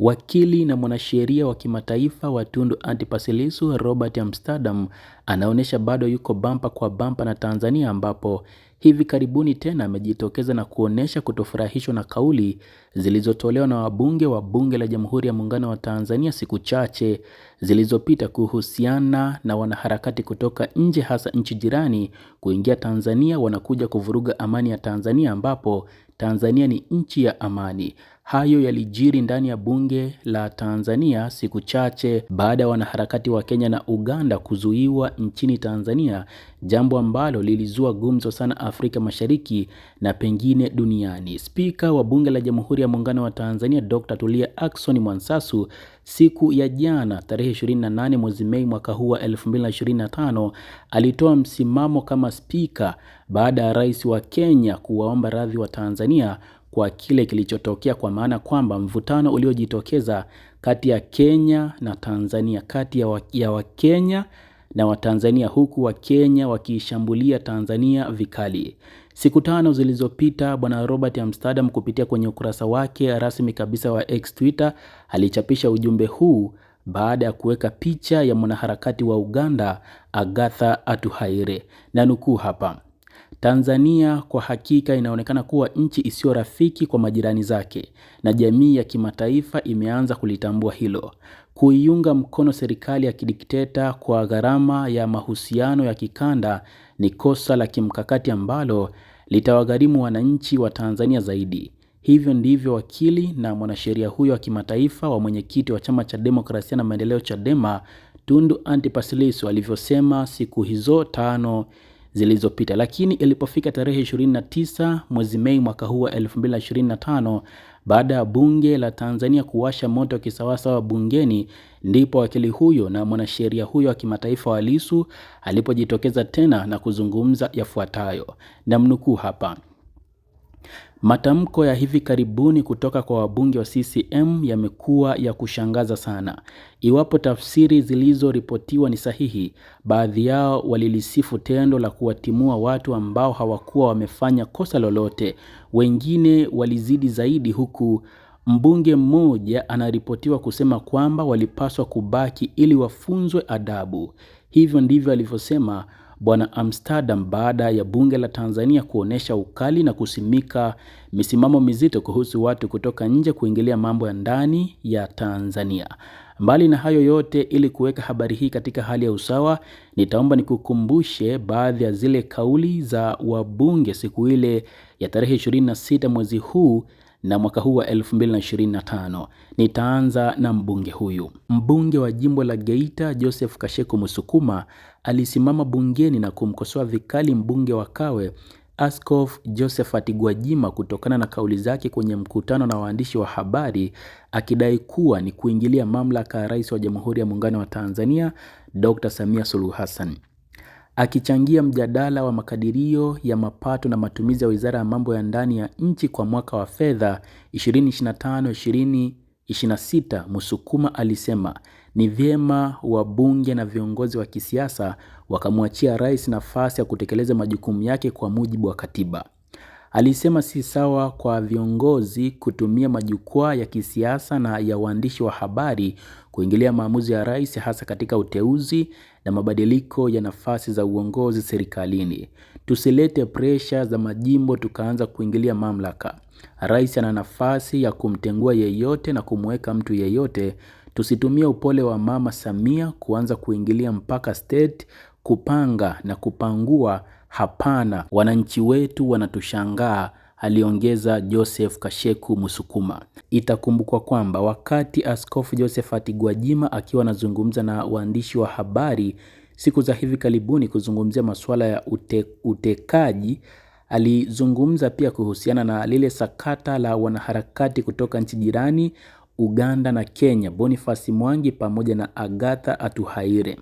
Wakili na mwanasheria wa kimataifa wa Tundu Antipas Lissu Robert Amsterdam anaonyesha bado yuko bampa kwa bampa na Tanzania ambapo hivi karibuni tena amejitokeza na kuonyesha kutofurahishwa na kauli zilizotolewa na wabunge wa Bunge la Jamhuri ya Muungano wa Tanzania siku chache zilizopita kuhusiana na wanaharakati kutoka nje hasa nchi jirani kuingia Tanzania wanakuja kuvuruga amani ya Tanzania ambapo Tanzania ni nchi ya amani. Hayo yalijiri ndani ya bunge la Tanzania siku chache baada ya wanaharakati wa Kenya na Uganda kuzuiwa nchini Tanzania, jambo ambalo lilizua gumzo sana Afrika Mashariki na pengine duniani. Spika wa bunge la Jamhuri ya Muungano wa Tanzania Dr. Tulia Ackson Mwansasu siku ya jana tarehe 28 mwezi Mei mwaka huu wa 2025 alitoa msimamo kama spika baada ya rais wa Kenya kuwaomba radhi wa Tanzania kwa kile kilichotokea, kwa maana kwamba mvutano uliojitokeza kati ya Kenya na Tanzania, kati ya Wakenya na Watanzania, huku Wakenya wakiishambulia Tanzania vikali. Siku tano zilizopita Bwana Robert Amsterdam kupitia kwenye ukurasa wake rasmi kabisa wa X Twitter alichapisha ujumbe huu baada ya kuweka picha ya mwanaharakati wa Uganda Agatha Atuhaire, na nukuu hapa: Tanzania kwa hakika inaonekana kuwa nchi isiyo rafiki kwa majirani zake na jamii ya kimataifa imeanza kulitambua hilo. Kuiunga mkono serikali ya kidikteta kwa gharama ya mahusiano ya kikanda ni kosa la kimkakati ambalo litawagharimu wananchi wa Tanzania zaidi. Hivyo ndivyo wakili na mwanasheria huyo wa kimataifa wa mwenyekiti wa chama cha demokrasia na maendeleo Chadema Tundu Antipas Lissu alivyosema siku hizo tano zilizopita. Lakini ilipofika tarehe 29 mwezi Mei mwaka huu wa 2025 baada ya bunge la Tanzania kuwasha moto kisawasawa bungeni, ndipo wakili huyo na mwanasheria huyo wa kimataifa wa Lissu alipojitokeza tena na kuzungumza yafuatayo, namnukuu hapa. Matamko ya hivi karibuni kutoka kwa wabunge wa CCM yamekuwa ya kushangaza sana. Iwapo tafsiri zilizoripotiwa ni sahihi, baadhi yao walilisifu tendo la kuwatimua watu ambao hawakuwa wamefanya kosa lolote. Wengine walizidi zaidi huku mbunge mmoja anaripotiwa kusema kwamba walipaswa kubaki ili wafunzwe adabu. Hivyo ndivyo alivyosema Bwana Amsterdam baada ya bunge la Tanzania kuonesha ukali na kusimika misimamo mizito kuhusu watu kutoka nje kuingilia mambo ya ndani ya Tanzania. Mbali na hayo yote, ili kuweka habari hii katika hali ya usawa, nitaomba nikukumbushe baadhi ya zile kauli za wabunge siku ile ya tarehe 26 mwezi huu na mwaka huu wa 2025 nitaanza na mbunge huyu. Mbunge wa jimbo la Geita Joseph Kasheku Musukuma alisimama bungeni na kumkosoa vikali mbunge wa Kawe Askof Josephat Gwajima kutokana na kauli zake kwenye mkutano na waandishi wa habari akidai kuwa ni kuingilia mamlaka ya Rais wa Jamhuri ya Muungano wa Tanzania Dr. Samia Suluhu Hassan akichangia mjadala wa makadirio ya mapato na matumizi ya Wizara ya Mambo ya Ndani ya Nchi kwa mwaka wa fedha 2025/2026, Musukuma alisema ni vyema wabunge na viongozi wa kisiasa wakamwachia rais nafasi ya kutekeleza majukumu yake kwa mujibu wa katiba. Alisema si sawa kwa viongozi kutumia majukwaa ya kisiasa na ya waandishi wa habari kuingilia maamuzi ya rais, hasa katika uteuzi na mabadiliko ya nafasi za uongozi serikalini. Tusilete presha za majimbo tukaanza kuingilia mamlaka. Rais ana nafasi ya kumtengua yeyote na kumweka mtu yeyote. Tusitumie upole wa Mama Samia kuanza kuingilia mpaka state kupanga na kupangua. Hapana, wananchi wetu wanatushangaa aliongeza Joseph Kasheku Musukuma. Itakumbukwa kwamba wakati Askofu Josephat Gwajima akiwa anazungumza na waandishi wa habari siku za hivi karibuni kuzungumzia masuala ya ute, utekaji alizungumza pia kuhusiana na lile sakata la wanaharakati kutoka nchi jirani Uganda na Kenya Boniface Mwangi pamoja na Agatha Atuhaire.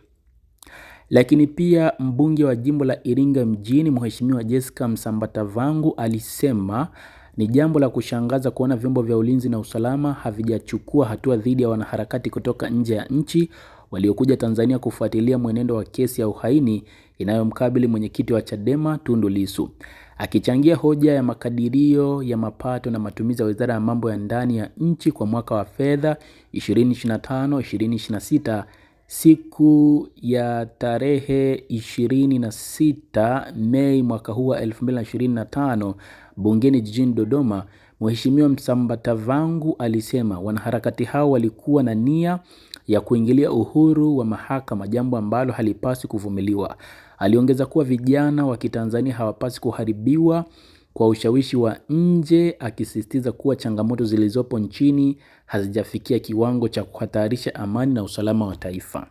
Lakini pia mbunge wa jimbo la Iringa mjini Mheshimiwa Jessica Msambatavangu alisema ni jambo la kushangaza kuona vyombo vya ulinzi na usalama havijachukua hatua dhidi ya wanaharakati kutoka nje ya nchi waliokuja Tanzania kufuatilia mwenendo wa kesi ya uhaini inayomkabili mwenyekiti wa Chadema Tundu Lissu. Akichangia hoja ya makadirio ya mapato na matumizi ya Wizara ya Mambo ya Ndani ya nchi kwa mwaka wa fedha 2025 2026 siku ya tarehe 26 Mei mwaka huu wa 2025 bungeni jijini Dodoma, Mheshimiwa Msambatavangu alisema wanaharakati hao walikuwa na nia ya kuingilia uhuru wa mahakama, jambo ambalo halipasi kuvumiliwa. Aliongeza kuwa vijana wa Kitanzania hawapasi kuharibiwa kwa ushawishi wa nje, akisisitiza kuwa changamoto zilizopo nchini hazijafikia kiwango cha kuhatarisha amani na usalama wa taifa.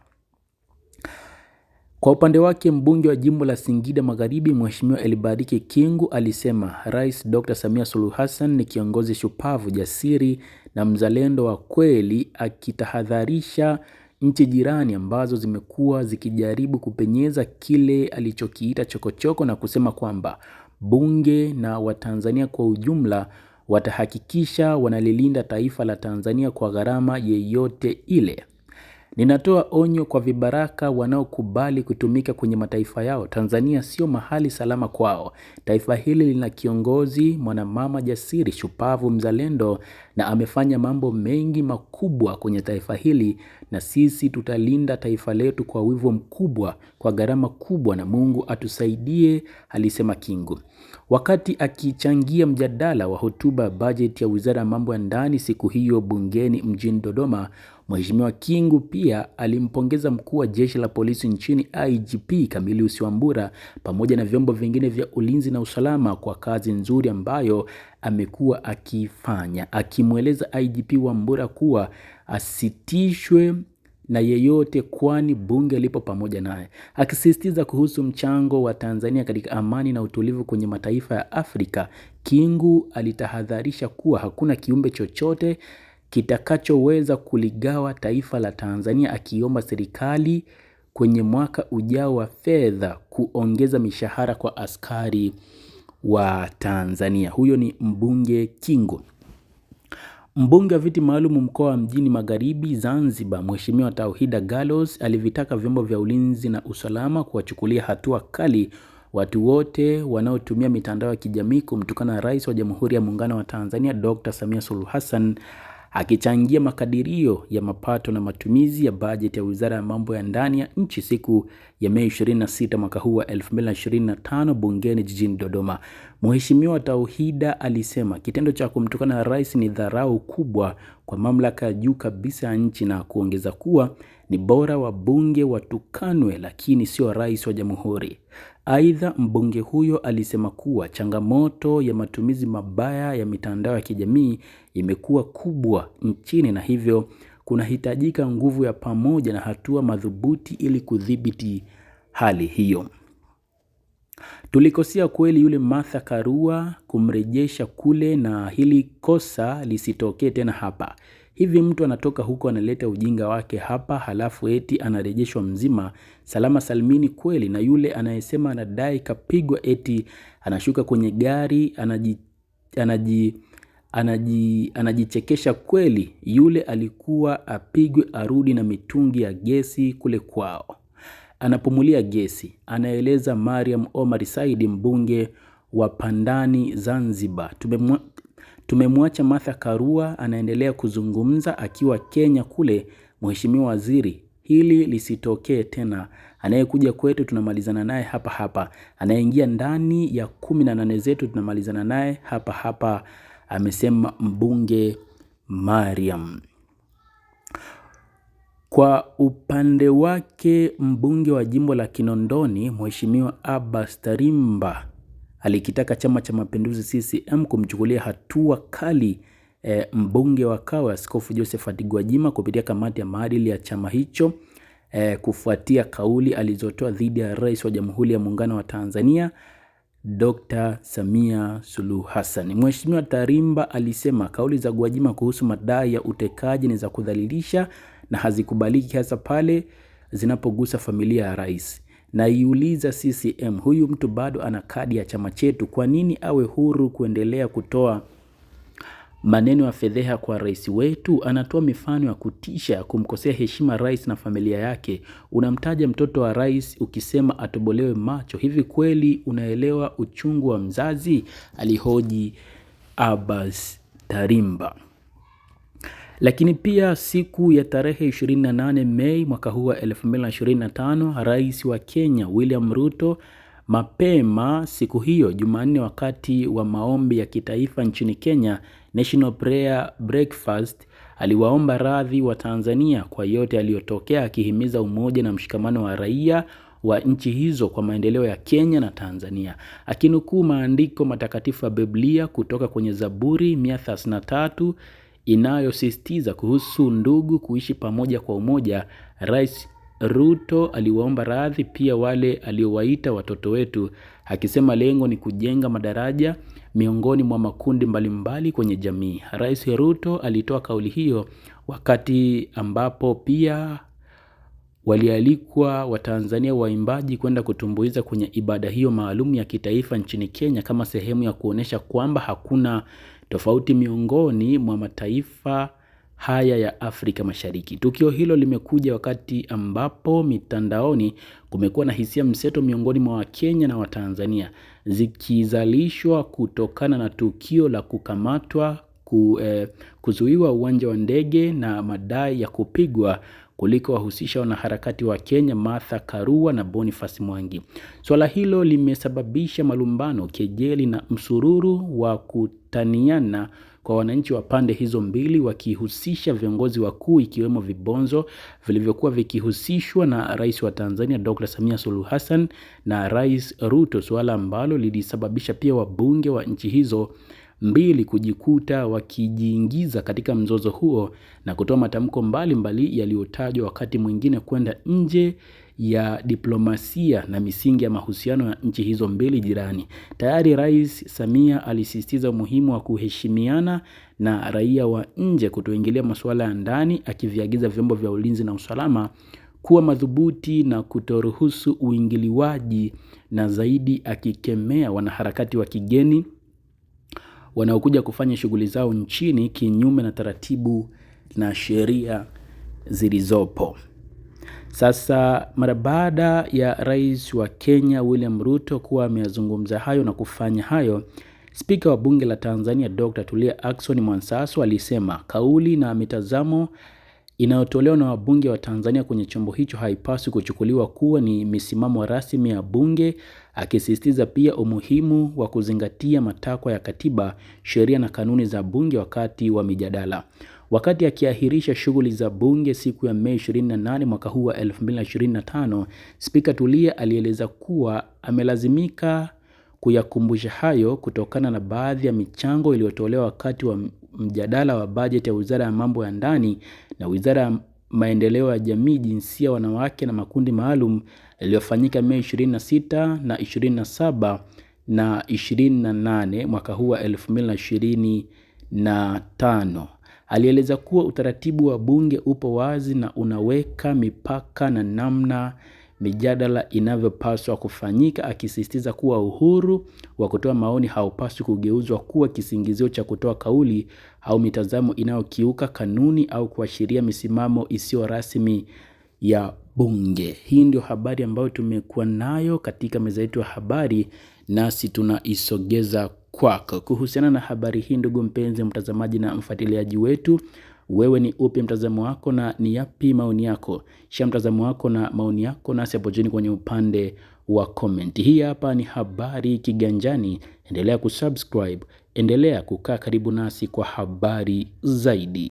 Kwa upande wake, mbunge wa jimbo la Singida Magharibi, Mheshimiwa Elibariki Kingu alisema Rais Dr. Samia Suluhu Hassan ni kiongozi shupavu, jasiri na mzalendo wa kweli, akitahadharisha nchi jirani ambazo zimekuwa zikijaribu kupenyeza kile alichokiita chokochoko na kusema kwamba bunge na Watanzania kwa ujumla watahakikisha wanalilinda taifa la Tanzania kwa gharama yeyote ile. Ninatoa onyo kwa vibaraka wanaokubali kutumika kwenye mataifa yao. Tanzania sio mahali salama kwao. Taifa hili lina kiongozi mwanamama jasiri, shupavu, mzalendo na amefanya mambo mengi makubwa kwenye taifa hili, na sisi tutalinda taifa letu kwa wivu mkubwa, kwa gharama kubwa, na Mungu atusaidie, alisema Kingu wakati akichangia mjadala wa hotuba ya bajeti ya Wizara ya Mambo ya Ndani siku hiyo bungeni mjini Dodoma. Mheshimiwa Kingu pia alimpongeza mkuu wa jeshi la polisi nchini IGP Camillus Wambura pamoja na vyombo vingine vya ulinzi na usalama kwa kazi nzuri ambayo amekuwa akifanya, akimweleza IGP Wambura kuwa asitishwe na yeyote kwani bunge lipo pamoja naye, akisisitiza kuhusu mchango wa Tanzania katika amani na utulivu kwenye mataifa ya Afrika. Kingu alitahadharisha kuwa hakuna kiumbe chochote kitakachoweza kuligawa taifa la Tanzania akiomba serikali kwenye mwaka ujao wa fedha kuongeza mishahara kwa askari wa Tanzania. Huyo ni mbunge Kingo. Mbunge wa viti maalum mkoa wa Mjini Magharibi Zanzibar, Mheshimiwa Tauhida Gallos alivitaka vyombo vya ulinzi na usalama kuwachukulia hatua kali watu wote wanaotumia mitandao ya kijamii kumtukana Rais wa Jamhuri ya Muungano wa Tanzania Dr. Samia Suluhu Hassan akichangia makadirio ya mapato na matumizi ya bajeti ya Wizara ya Mambo ya Ndani ya Nchi siku ya Mei 26 mwaka huu wa 2025 bungeni jijini Dodoma. Mheshimiwa Tauhida alisema kitendo cha kumtukana rais ni dharau kubwa kwa mamlaka ya juu kabisa ya nchi na kuongeza kuwa ni bora wabunge watukanwe, lakini sio rais wa jamhuri. Aidha, mbunge huyo alisema kuwa changamoto ya matumizi mabaya ya mitandao ya kijamii imekuwa kubwa nchini na hivyo kunahitajika nguvu ya pamoja na hatua madhubuti ili kudhibiti hali hiyo. Tulikosea kweli yule Martha Karua kumrejesha kule na hili kosa lisitokee tena hapa. Hivi mtu anatoka huko analeta ujinga wake hapa, halafu eti anarejeshwa mzima salama salmini kweli? Na yule anayesema anadai kapigwa, eti anashuka kwenye gari anaji, anaji, anaji, anajichekesha kweli? Yule alikuwa apigwe, arudi na mitungi ya gesi kule kwao, anapumulia gesi, anaeleza Mariam Omar Said, mbunge wa Pandani Zanzibar. Tumemwacha Martha Karua anaendelea kuzungumza akiwa Kenya kule. Mheshimiwa Waziri, hili lisitokee tena. Anayekuja kwetu tunamalizana naye hapa hapa, anayeingia ndani ya kumi na nane zetu tunamalizana naye hapa hapa, amesema mbunge Mariam. Kwa upande wake mbunge wa jimbo la Kinondoni Mheshimiwa Abbas Tarimba alikitaka Chama cha Mapinduzi CCM kumchukulia hatua kali e, mbunge wa Kawe Askofu Josephat Gwajima kupitia kamati ya maadili ya chama hicho e, kufuatia kauli alizotoa dhidi ya Rais wa Jamhuri ya Muungano wa Tanzania Dr. Samia Suluhu Hassan. Mheshimiwa Tarimba alisema kauli za Gwajima kuhusu madai ya utekaji ni za kudhalilisha na hazikubaliki hasa pale zinapogusa familia ya rais. Naiuliza CCM, huyu mtu bado ana kadi ya chama chetu, kwa nini awe huru kuendelea kutoa maneno ya fedheha kwa rais wetu? Anatoa mifano ya kutisha, kumkosea heshima rais na familia yake. Unamtaja mtoto wa rais ukisema atobolewe macho. Hivi kweli unaelewa uchungu wa mzazi? Alihoji Abbas Tarimba. Lakini pia siku ya tarehe 28 Mei mwaka huu wa 2025, Rais wa Kenya William Ruto mapema siku hiyo Jumanne, wakati wa maombi ya kitaifa nchini Kenya, National Prayer Breakfast, aliwaomba radhi wa Tanzania kwa yote aliyotokea, akihimiza umoja na mshikamano wa raia wa nchi hizo kwa maendeleo ya Kenya na Tanzania. Akinukuu maandiko matakatifu ya Biblia kutoka kwenye Zaburi 133 inayosisitiza kuhusu ndugu kuishi pamoja kwa umoja, Rais Ruto aliwaomba radhi pia wale aliowaita watoto wetu, akisema lengo ni kujenga madaraja miongoni mwa makundi mbalimbali kwenye jamii. Rais Ruto alitoa kauli hiyo wakati ambapo pia walialikwa Watanzania waimbaji kwenda kutumbuiza kwenye ibada hiyo maalum ya kitaifa nchini Kenya kama sehemu ya kuonesha kwamba hakuna tofauti miongoni mwa mataifa haya ya Afrika Mashariki. Tukio hilo limekuja wakati ambapo mitandaoni kumekuwa na hisia mseto miongoni mwa Wakenya na Watanzania zikizalishwa kutokana na tukio la kukamatwa, ku, eh, kuzuiwa uwanja wa ndege na madai ya kupigwa kuliko wahusisha wanaharakati wa Kenya Martha Karua na Boniface Mwangi. Swala hilo limesababisha malumbano, kejeli na msururu wa kutaniana kwa wananchi wa pande hizo mbili, wakihusisha viongozi wakuu ikiwemo vibonzo vilivyokuwa vikihusishwa na Rais wa Tanzania Dr. Samia Suluhu Hassan na Rais Ruto, suala ambalo lilisababisha pia wabunge wa nchi hizo mbili kujikuta wakijiingiza katika mzozo huo na kutoa matamko mbalimbali yaliyotajwa wakati mwingine kwenda nje ya diplomasia na misingi ya mahusiano ya nchi hizo mbili jirani. Tayari Rais Samia alisisitiza umuhimu wa kuheshimiana na raia wa nje kutoingilia masuala ya ndani, akiviagiza vyombo vya ulinzi na usalama kuwa madhubuti na kutoruhusu uingiliwaji, na zaidi akikemea wanaharakati wa kigeni wanaokuja kufanya shughuli zao nchini kinyume na taratibu na sheria zilizopo. Sasa mara baada ya rais wa Kenya William Ruto kuwa ameyazungumza hayo na kufanya hayo, spika wa bunge la Tanzania Dr. Tulia Ackson Mwansasu alisema kauli na mitazamo inayotolewa na wabunge wa Tanzania kwenye chombo hicho haipaswi kuchukuliwa kuwa ni misimamo rasmi ya bunge akisisitiza pia umuhimu wa kuzingatia matakwa ya katiba, sheria na kanuni za bunge wakati wa mijadala. Wakati akiahirisha shughuli za bunge siku ya Mei 28 mwaka huu wa 2025, Spika Tulia alieleza kuwa amelazimika kuyakumbusha hayo kutokana na baadhi ya michango iliyotolewa wakati wa mjadala wa bajeti ya Wizara ya Mambo ya Ndani na Wizara ya Maendeleo ya Jamii, Jinsia, Wanawake na Makundi Maalum yaliyofanyika Mei 26 na 27 na 28 mwaka huu wa 2025. Alieleza kuwa utaratibu wa bunge upo wazi na unaweka mipaka na namna mijadala inavyopaswa kufanyika, akisisitiza kuwa uhuru wa kutoa maoni haupaswi kugeuzwa kuwa kisingizio cha kutoa kauli au mitazamo inayokiuka kanuni au kuashiria misimamo isiyo rasmi ya bunge. Hii ndio habari ambayo tumekuwa nayo katika meza yetu ya habari, nasi tunaisogeza kwako. Kuhusiana na habari hii, ndugu mpenzi mtazamaji na mfuatiliaji wetu, wewe ni upi mtazamo wako na ni yapi maoni yako? Shia mtazamo wako na maoni yako nasi hapo chini kwenye upande wa comment. Hii hapa ni habari Kiganjani. Endelea kusubscribe, endelea kukaa karibu nasi kwa habari zaidi.